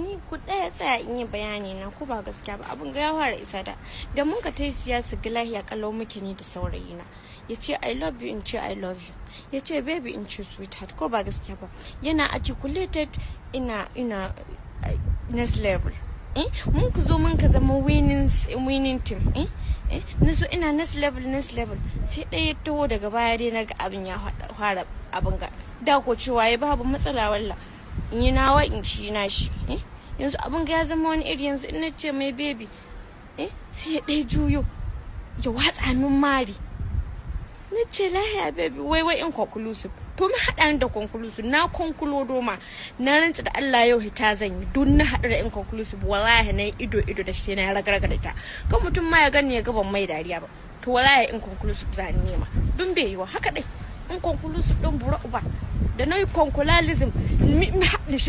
ni ku tsaya tsaya in yi bayani na ku ba gaskiya ba abin ga ya fara isa da da mun ka tai siyasa gilahi ya kallo muke ni da saurayina ya ce i love you in ce i love you ya ce baby in ce sweetheart ko ba gaskiya ba yana articulated ina ina eh, next level eh, mun ku zo mun ka zama winning team eh, na so ina next level next level sai ɗaya ya taho daga baya dai na ga abin ya fara abin ga da ko cewa ya babu matsala wallah in yi nawa in shi na shi eh? yanzu abin ga ya zama wani iri yanzu ina ce mai bebi eh? sai ya ɗaya juyo ya watsa min mari na ce lahiya bebi wai wai in conclusive to mu haɗa ni da conclusive na konkulo doma na rantsa da Allah yau hita zan yi don na haɗu da in conclusive wallahi na ido ido da shi na ragaraga da ta kan mutum ma ya gani ya ga ban mai dariya ba to wallahi in conclusive za ni nema Don bai yi wa haka dai in conclusive don bura uba da na yi conclalism ما حقليش